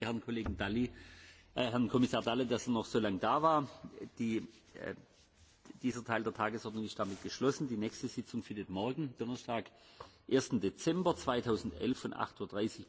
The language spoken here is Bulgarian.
herrn Kollegen Dalli, Herrn Kommissar Dalli, dass er noch so lange da war. dieser Teil der Tagesordnung ist damit geschlossen. Die nächste Sitzung findet morgen, Donnerstag, 1. Dezember 2011 von acht Uhr bis